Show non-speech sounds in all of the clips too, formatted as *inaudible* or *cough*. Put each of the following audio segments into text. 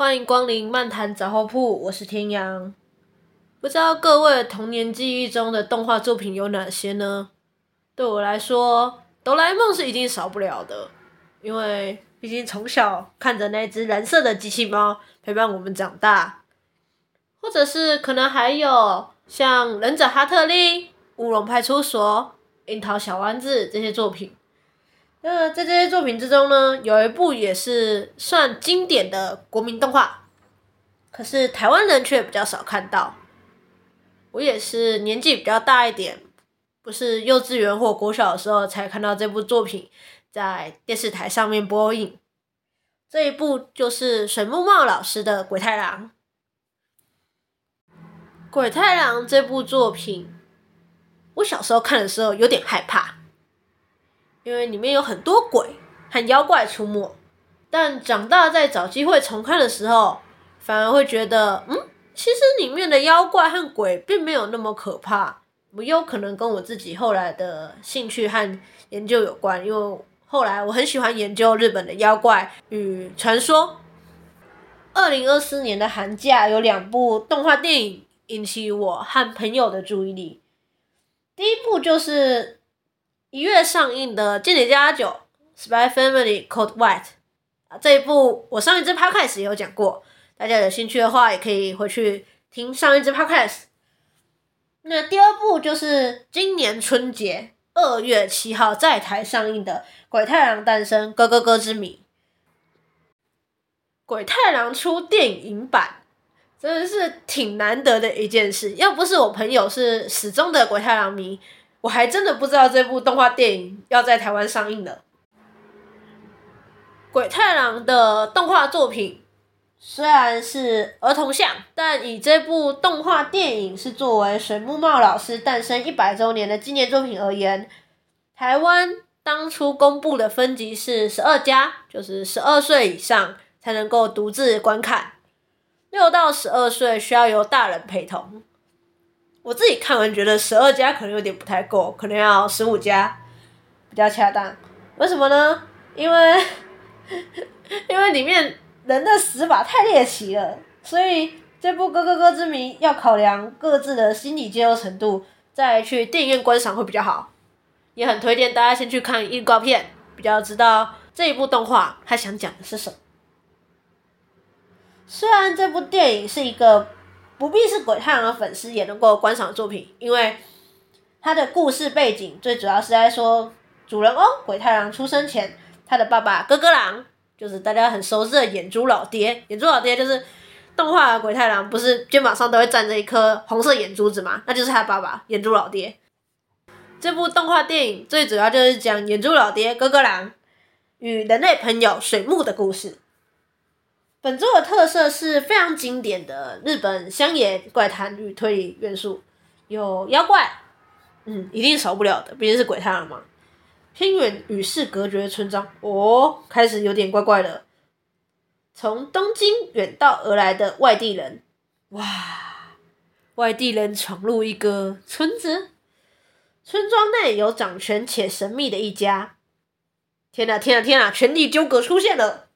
歡迎光臨漫談雜貨鋪，我是天陽。不知道各位童年記憶中的動畫作品有哪些呢？對我來說，哆啦 A 夢是一定少不了的，因為畢竟從小看着那只藍色的機器貓陪伴我們長大。或者是可能還有像忍者哈特利、烏龍派出所、櫻桃小丸子這些作品。那在這些作品之中呢，有一部也是算經典的國民動畫，可是台灣人卻比較少看到。我也是年紀比較大一點，不是幼稚園或國小的時候才看到這部作品在電視台上面播映。這一部就是水木茂老師的鬼太郎。《鬼太郎》。《鬼太郎》這部作品，我小時候看的時候有點害怕。因為裡面有很多鬼和妖怪出沒，但長大再找機會重看的時候，反而會覺得，嗯，其實裡面的妖怪和鬼並沒有那麼可怕。我有可能跟我自己後來的興趣和研究有關，因為後來我很喜歡研究日本的妖怪與傳說。二零二四年的寒假有兩部動畫電影引起我和朋友的注意力，第一部就是，一月上映的《間諜家家酒》（Spy Family Code White）、啊、這一部，我上一支 podcast 也有講過，大家有興趣的話也可以回去聽上一支 podcast。那第二部就是今年春節二月七號在台上映的《鬼太郎誕生：咯咯咯之謎》。鬼太郎出電影版，真的是挺難得的一件事。要不是我朋友是死忠的鬼太郎迷，我還真的不知道這部動畫電影要在台灣上映了。《鬼太郎》的動畫作品，雖然是兒童向，但以這部動畫電影是作為水木茂老師誕生一百周年的紀念作品而言，台灣當初公布的分級是十二加，就是十二歲以上才能夠獨自觀看，六到十二歲需要由大人陪同。我自己看完覺得十二家可能有點不太夠，可能要十五家比較恰當。為什麼呢？因為 *laughs* 因為裡面人的死法太獵奇了，所以這部《咯咯咯之謎》要考量各自的心理接受程度，再去電影院觀賞會比較好。也很推薦大家先去看預告片，比較知道這一部動畫它想講的是什麼。雖然這部電影是一個，不必是鬼太郎的粉絲也能夠觀賞作品，因為他的故事背景最主要是在說主人翁鬼太郎出生前，他的爸爸咯咯郎就是大家很熟悉的眼珠老爹。眼珠老爹就是動畫的鬼太郎，不是肩膀上都會站着一顆紅色眼珠子嘛，那就是他爸爸眼珠老爹。這部動畫電影最主要就是講眼珠老爹咯咯郎與人類朋友水木的故事。本作的特色是非常經典的日本鄉野怪談與推理元素，有妖怪。嗯，一定少不了的，畢竟是鬼太郎嘛。偏遠與世隔絕的村莊，哦，開始有點怪怪的。從東京遠道而來的外地人，哇，外地人闖入一個村子，村莊內有掌權且神秘的一家。天吶天吶天吶，權力糾葛出現了！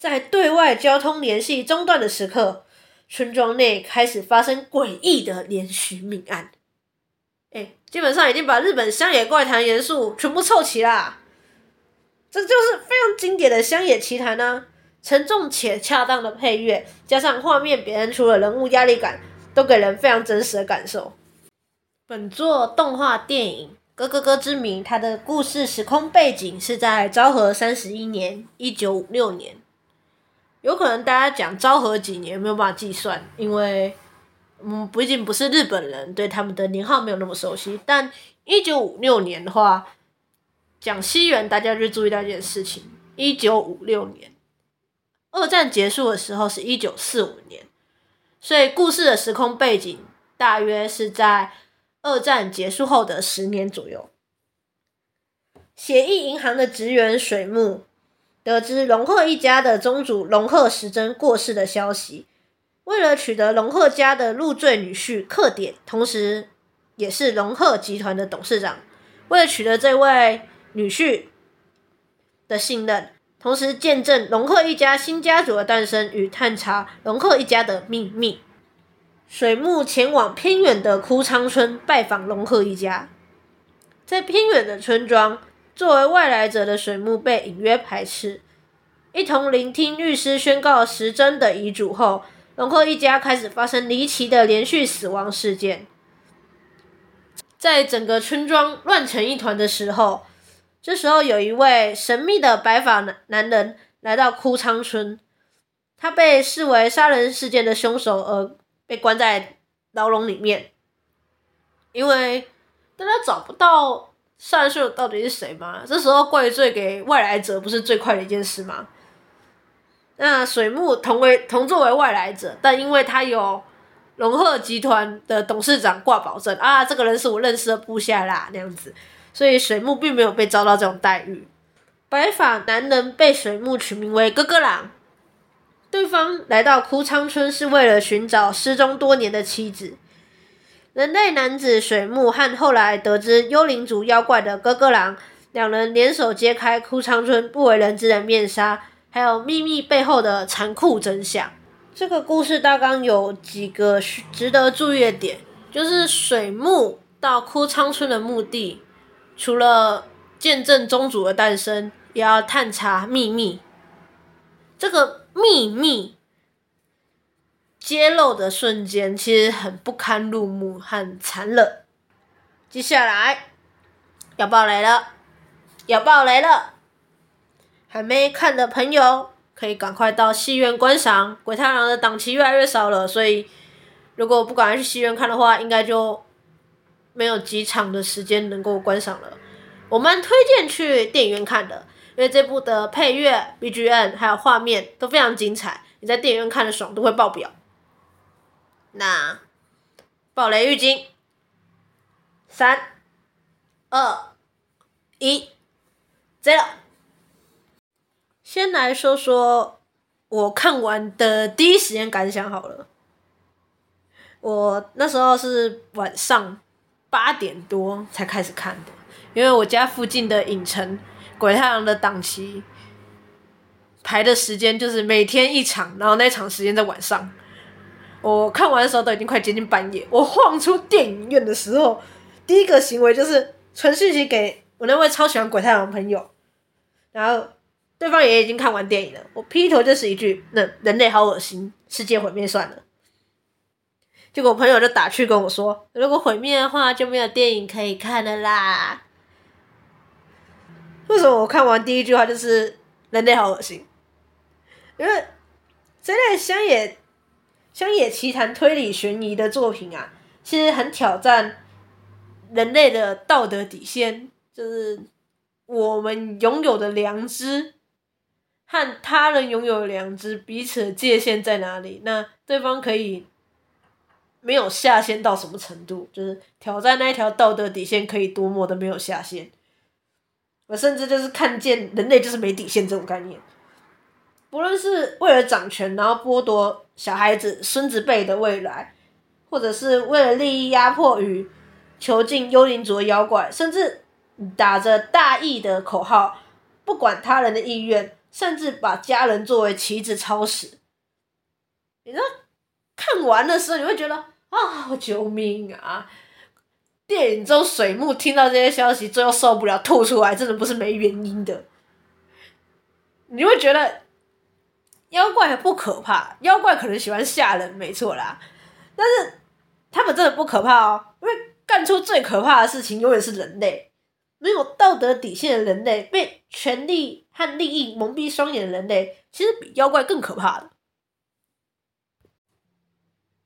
在對外交通聯繫中斷的時刻，村莊內開始發生詭異的連續命案。誒，基本上已經把日本鄉野怪談元素全部湊齊啦！這就是非常經典的鄉野奇談呢、啊。沉重且恰當的配樂，加上畫面表現出的人物壓力感，都給人非常真實的感受。本作動畫電影《咯咯咯之謎》，它的故事時空背景是在昭和三十一年（一九五六年）。有可能大家講昭和幾年沒有辦法計算，因為嗯，畢竟不是日本人，對他們的年號沒有那麼熟悉。但一九五六年的話，講西元大家就注意到一件事情：一九五六年，二戰結束的時候是一九四五年，所以故事的時空背景大約是在二戰結束後的十年左右。協議銀行的職員水木。得知龍賀一家的宗主龍賀時貞過世的消息，為了取得龍賀家的入贅女婿克典，同時也是龍賀集團的董事長，為了取得這位女婿的信任，同時見證龍賀一家新家族的誕生與探查龍賀一家的秘密，水木前往偏遠的哭倉村拜訪龍賀一家。在偏遠的村莊，作為外來者的水木被隱約排斥。一同聆聽律師宣告時貞的遺囑後，龍賀一家開始發生離奇的連續死亡事件。在整個村莊亂成一團的時候，這時候有一位神秘的白髮男男人來到枯倉村，他被視為殺人事件的兇手而被關在牢籠裡面，因為當他找不到。上秀到底是誰嘛？這時候怪罪給外來者不是最快的一件事嗎？那水木同為同作為外來者，但因為他有龍鶴集團的董事長掛保證啊，這個人是我認識的部下啦，那樣子，所以水木並沒有被遭到這種待遇。白髮男人被水木取名為咯咯郎。對方來到枯倉村是為了尋找失蹤多年的妻子。人類男子水木和後來得知幽靈族妖怪的咯咯郎，兩人聯手揭開枯倉村不為人知的面紗，還有秘密背後的殘酷真相。這個故事大綱有幾個值得注意的點，就是水木到枯倉村的目的，除了見證宗主的誕生，也要探查秘密。這個秘密。揭露的瞬間其實很不堪入目，很殘忍。接下來要爆雷了，要爆雷了！還沒看的朋友可以趕快到戲院觀賞。《鬼太郎》的檔期越來越少了，所以如果不敢去戲院看的話，應該就沒有幾場的時間能夠觀賞了。我們推薦去電影院看的，因為這部的配樂、BGM 還有畫面都非常精彩，你在電影院看的爽度會爆表。那，暴雷預警，三、二、一，這樣，先來說說我看完的第一時間感想好了。我那時候是晚上八點多才開始看的，因為我家附近的影城《鬼太郎》的檔期排的時間就是每天一場，然後那場時間在晚上。我看完的時候都已經快接近半夜，我晃出電影院的時候，第一個行為就是傳訊息給我那位超喜歡鬼太郎的朋友，然後對方也已經看完電影了，我劈頭就是一句：“那人類好惡心，世界毀滅算了。”結果我朋友就打趣跟我說：“如果毀滅的話，就沒有電影可以看了啦。”為什麼我看完第一句話就是“人類好惡心”，因為真的想也。鄉野奇談推理懸疑的作品啊，其實很挑戰人類的道德底線，就是我們擁有的良知和他人擁有的良知彼此的界限在哪裡？那對方可以沒有下限到什麼程度？就是挑戰那一條道德底線可以多麼的沒有下限？我甚至就是看見人類就是沒底線這種概念。不論是為了掌權，然後剝奪小孩子、孫子輩的未來，或者是為了利益壓迫於囚禁幽靈族的妖怪，甚至打着大義的口號，不管他人的意願，甚至把家人作為棋子操使，你知道看完的時候你會覺得啊、哦，救命啊！電影中水木聽到這些消息，最後受不了吐出來，真的不是沒原因的，你會覺得。妖怪不可怕，妖怪可能喜歡嚇人，沒錯啦。但是他們真的不可怕哦、喔，因為幹出最可怕的事情永遠是人類，沒有道德底線的人類，被權力和利益蒙蔽雙眼的人類，其實比妖怪更可怕的。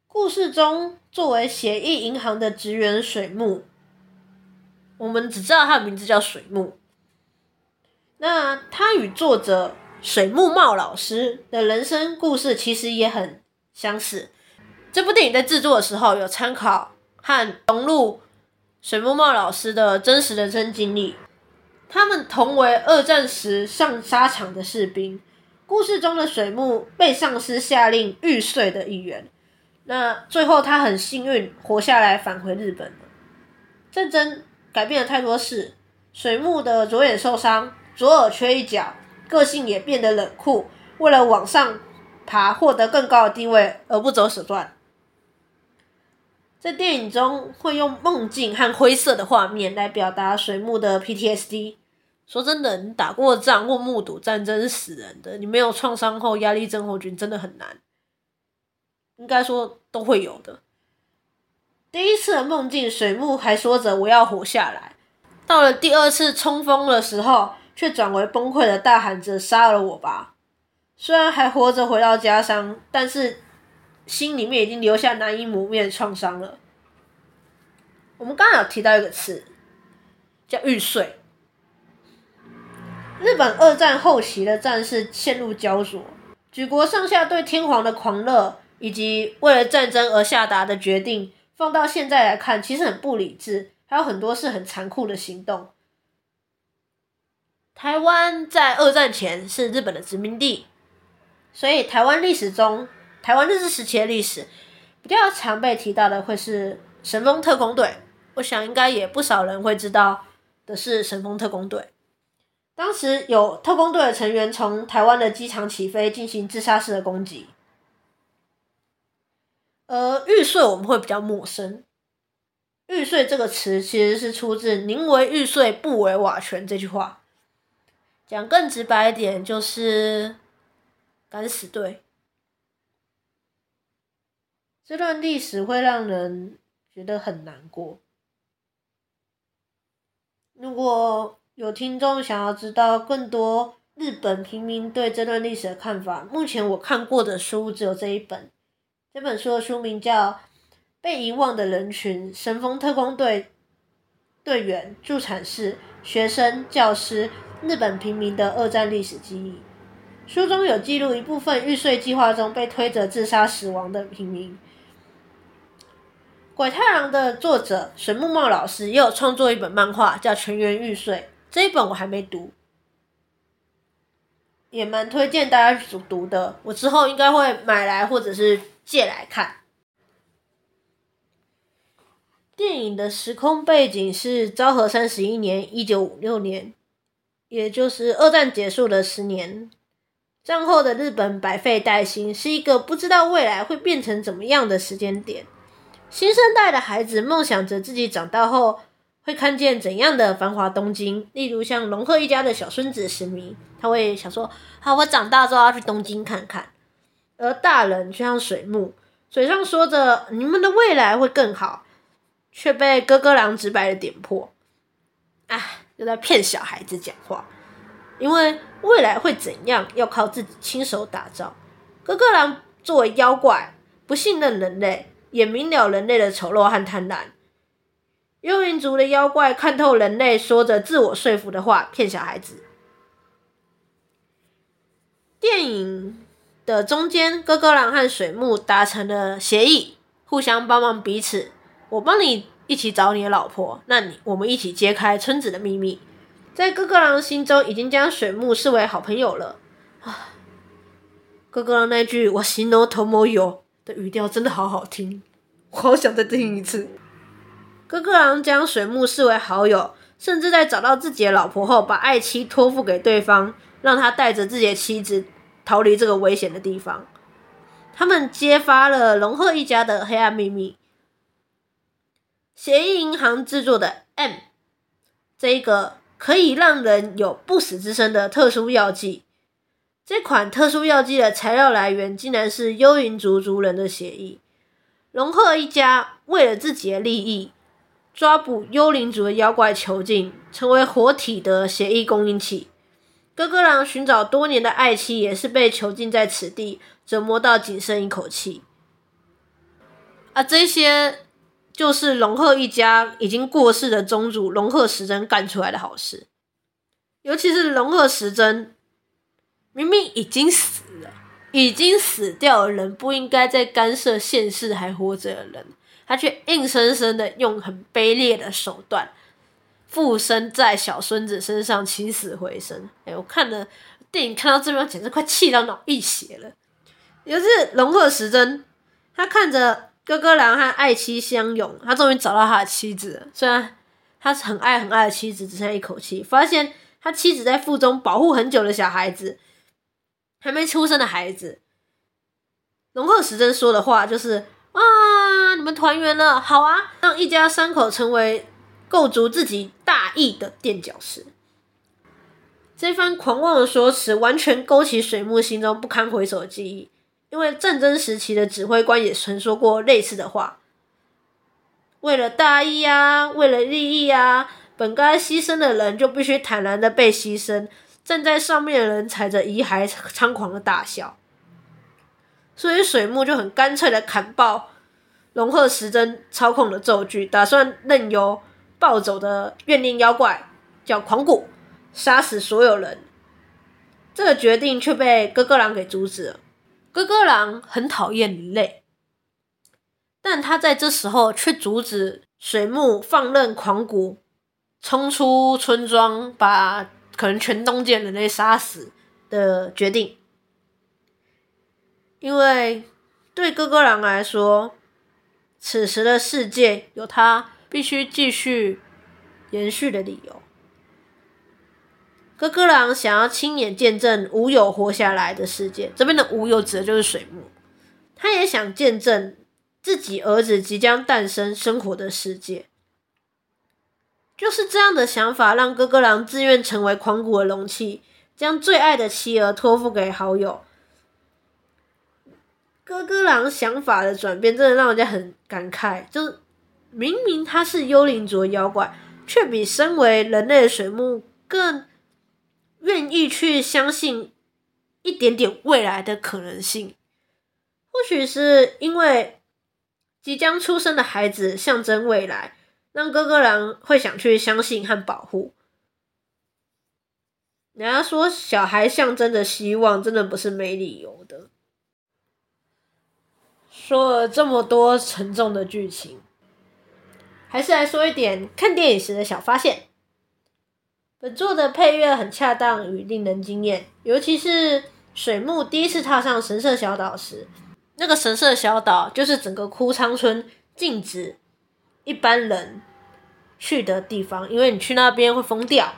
故事中，作為協議銀行的職員水木，我們只知道他的名字叫水木。那他與作者。水木茂老師的人生故事其實也很相似。這部電影在制作的時候有參考和融入水木茂老師的真實人生經歷。他們同為二戰時上沙場的士兵。故事中的水木被上司下令玉碎的一員，那最後他很幸運活下來，返回日本了。戰爭改變了太多事。水木的左眼受傷，左耳缺一角。個性也變得冷酷，為了往上爬，獲得更高的地位而不擇手段。在電影中會用夢境和灰色的畫面來表達水木的 PTSD。說真的，你打過仗或目睹戰爭是死人的，你沒有創傷後壓力症候群真的很難。應該說都會有的。第一次的夢境，水木還說着我要活下來。到了第二次衝鋒的時候。卻轉為崩潰的大喊着：“殺了我吧！”雖然還活着回到家鄉，但是心裡面已經留下難以磨滅的創傷了。我們剛剛有提到一個詞，叫“玉碎”。日本二戰後期的戰事陷入焦灼，舉國上下對天皇的狂熱，以及為了戰爭而下達的決定，放到現在來看，其實很不理智，還有很多是很殘酷的行動。台灣在二戰前是日本的殖民地，所以台灣歷史中，台灣日治時期的歷史比較常被提到的會是神風特攻隊。我想應該也不少人會知道的是神風特攻隊。當時有特攻隊的成員從台灣的機場起飛進行自殺式的攻擊，而玉碎我們會比較陌生。玉碎這個詞其實是出自“寧為玉碎，不為瓦全”這句話。講更直白一點，就是敢死隊。這段歷史會讓人覺得很難過。如果有聽眾想要知道更多日本平民對這段歷史的看法，目前我看過的書只有這一本。這本書的書名叫《被遺忘的人群：神風特攻隊隊員、助產士、學生、教師》。日本平民的二戰歷史記憶，書中有記錄一部分玉碎計劃中被推着自殺死亡的平民。鬼太郎的作者水木茂老師也有創作一本漫畫，叫《全員玉碎》。這一本我還沒讀，也蠻推薦大家去讀的。我之後應該會買來或者是借來看。電影的時空背景是昭和三十一年，一九五六年。也就是二戰結束了十年，戰後的日本百廢待興，是一個不知道未來會變成怎麼樣的時間點。新生代的孩子夢想着自己長大後會看見怎樣的繁華東京，例如像龍賀一家的小孫子石迷，他會想說：“好，我長大之後要去東京看看。”而大人就像水木，嘴上說着“你們的未來會更好”，卻被咯咯郎直白的點破，唉。就在騙小孩子講話，因為未來會怎樣，要靠自己親手打造。咯咯郎作為妖怪，不信任人類，也明了人類的醜陋和貪婪。幽靈族的妖怪看透人類，說着自我說服的話，騙小孩子。電影的中間，咯咯郎和水木達成了協議，互相幫忙彼此。我幫你一起找你的老婆，那你我們一起揭開村子的秘密。在咯咯郎心中，已經將水木視為好朋友了。啊，咯咯郎那句“我心奴頭沒有”的語調真的好好聽，我好想再聽一次。咯咯郎將水木視為好友，甚至在找到自己的老婆後，把愛妻托付給對方，讓他帶着自己的妻子逃離這個危險的地方。他們揭發了龍鶴一家的黑暗秘密。血液銀行製作的 M，這一個可以讓人有不死之身的特殊藥劑。這款特殊藥劑的材料來源竟然是幽靈族族人的血液，龍賀一家為了自己的利益，抓捕幽靈族的妖怪囚禁，成為活體的血液供應器。哥哥狼尋找多年的愛妻也是被囚禁在此地，折磨到僅剩一口氣。啊，這些。就是龍鶴一家已經過世的宗主龍鶴時珍幹出來的好事，尤其是龍鶴時珍，明明已經死了，已經死掉的人不應該再干涉現世還活着的人，他卻硬生生的用很卑劣的手段附身在小孫子身上起死回生。哎，我看了電影看到這邊，簡直快氣到腦溢血了。尤其是龍鶴時珍，他看着。咯咯郎和愛妻相擁，他終於找到他的妻子了，雖然他是很愛很愛的妻子，只剩下一口氣，發現他妻子在腹中保護很久的小孩子，還沒出生的孩子。龍賀時貞說的話就是啊，你們團圓了，好啊，讓一家三口成為構築自己大義的墊腳石。這番狂妄的說辭，完全勾起水木心中不堪回首的記憶。因為戰爭時期的指揮官也曾說過類似的話，為了大義啊，為了利益啊，本該犧牲的人就必須坦然的被犧牲，站在上面的人踩着遺骸，猖狂的大笑。所以水木就很乾脆的砍爆龍賀時針操控的咒具，打算任由暴走的怨念妖怪叫狂骨殺死所有人。這個決定卻被咯咯郎給阻止了。咯咯郎很討厭人類，但他在這時候卻阻止水木放任狂骨衝出村莊，把可能全東界人類殺死的決定。因為對咯咯郎來說，此時的世界有他必須繼續延續的理由。哥哥狼想要親眼見證無有活下來的世界，這邊的無有指的就是水木，他也想見證自己兒子即將誕生生活的世界。就是這樣的想法，讓咯咯郎自願成為狂骨的容器，將最愛的妻兒托付給好友。咯咯郎想法的轉變，真的讓人家很感慨。就是明明他是幽靈族的妖怪，卻比身為人類的水木更。願意去相信一點點未來的可能性，或許是因為即將出生的孩子象徵未來，讓咯咯郎會想去相信和保護。人家說小孩象徵着希望，真的不是沒理由的。說了這麼多沉重的劇情，還是來說一點看電影時的小發現。本作的配樂很恰當與令人驚艷，尤其是水木第一次踏上神社小島時，那個神社小島就是整個哭倉村禁止一般人去的地方，因為你去那邊會瘋掉。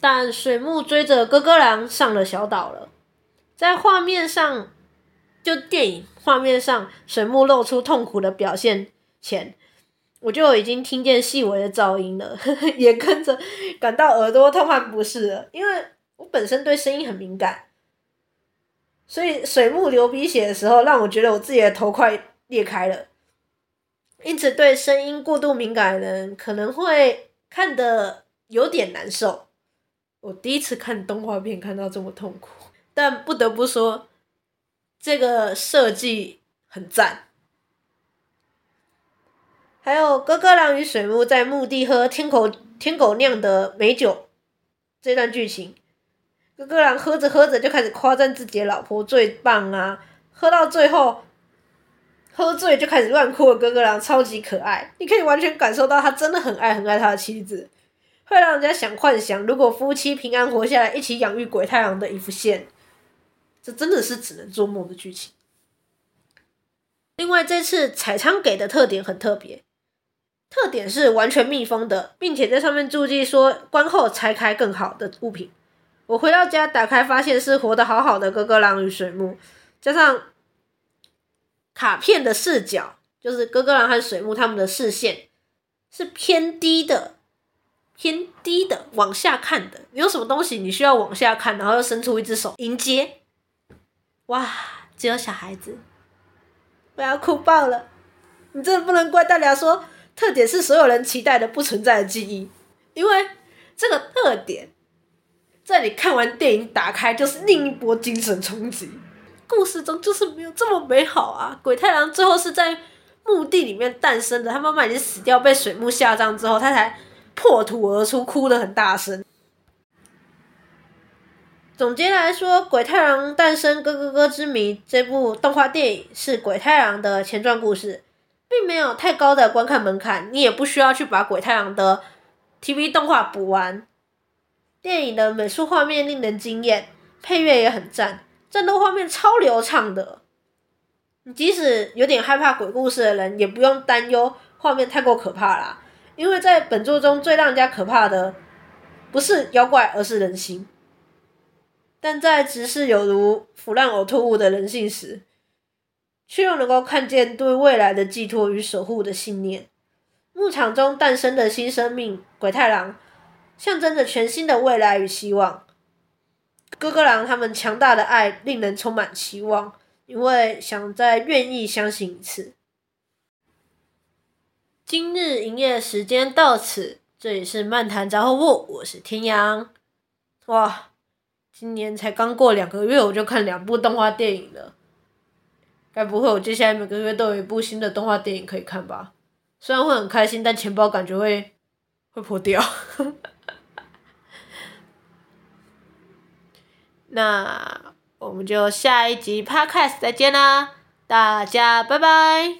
但水木追着咯咯郎上了小島了，在畫面上，就電影畫面上，水木露出痛苦的表現前。我就已經聽見細微的噪音了，也跟着感到耳朵痛患不適，因為我本身對聲音很敏感，所以水木流鼻血的時候，讓我覺得我自己的頭快裂開了。因此，對聲音過度敏感的人可能會看得有點難受。我第一次看動畫片看到這麼痛苦，但不得不說，這個設計很讚。還有咯咯郎與水木在墓地喝天狗天狗釀的美酒，這段劇情，咯咯郎喝着喝着就開始誇讚自己的老婆最棒啊，喝到最後，喝醉就開始亂哭的咯咯郎超級可愛，你可以完全感受到他真的很愛很愛他的妻子，會讓人家想幻想如果夫妻平安活下來一起養育鬼太郎的一副線，這真的是只能做夢的劇情。另外這次彩倉給的特點很特別，特點是完全密封的，並且在上面注記說關後拆開更好的物品。我回到家打開，發現是活得好好的咯咯郎與水木，加上卡片的視角，就是咯咯郎和水木他們的視線是偏低的，偏低的往下看的。你有什麼東西，你需要往下看，然後又伸出一隻手迎接。哇，只有小孩子，不要哭爆了！你真的不能怪大家說。特點是所有人期待的不存在的記憶，因為這個特點，在你看完電影打開就是另一波精神衝擊。故事中就是沒有這麼美好啊！鬼太郎最後是在墓地裡面誕生的，他媽媽已經死掉，被水木下葬之後，他才破土而出，哭的很大聲。總結來說，《鬼太郎誕生咯咯咯之謎》這部動畫電影是鬼太郎的前傳故事。並沒有太高的觀看門檻，你也不需要去把《鬼太郎》的 TV 動畫補完。電影的美術畫面令人驚艷，配樂也很讚，戰鬥畫面超流暢的。你即使有點害怕鬼故事的人，也不用擔憂畫面太過可怕啦，因為在本作中最讓人家可怕的，不是妖怪，而是人心。但在直視有如腐爛嘔吐物的人性時，卻又能夠看見對未來的寄托與守護的信念。牧場中誕生的新生命鬼太郎，象徵着全新的未來與希望。咯咯郎他們強大的愛，令人充滿期望，因為想再願意相信一次。今日營業時間到此，這裡是漫談雜貨鋪，我是天陽。哇，今年才剛過兩個月，我就看兩部動畫電影了。該不會我接下來每個月都有一部新的動畫電影可以看吧？雖然會很開心，但錢包感覺會會破掉。 *laughs* 那我們就下一集 Podcast 再見啦，大家拜拜。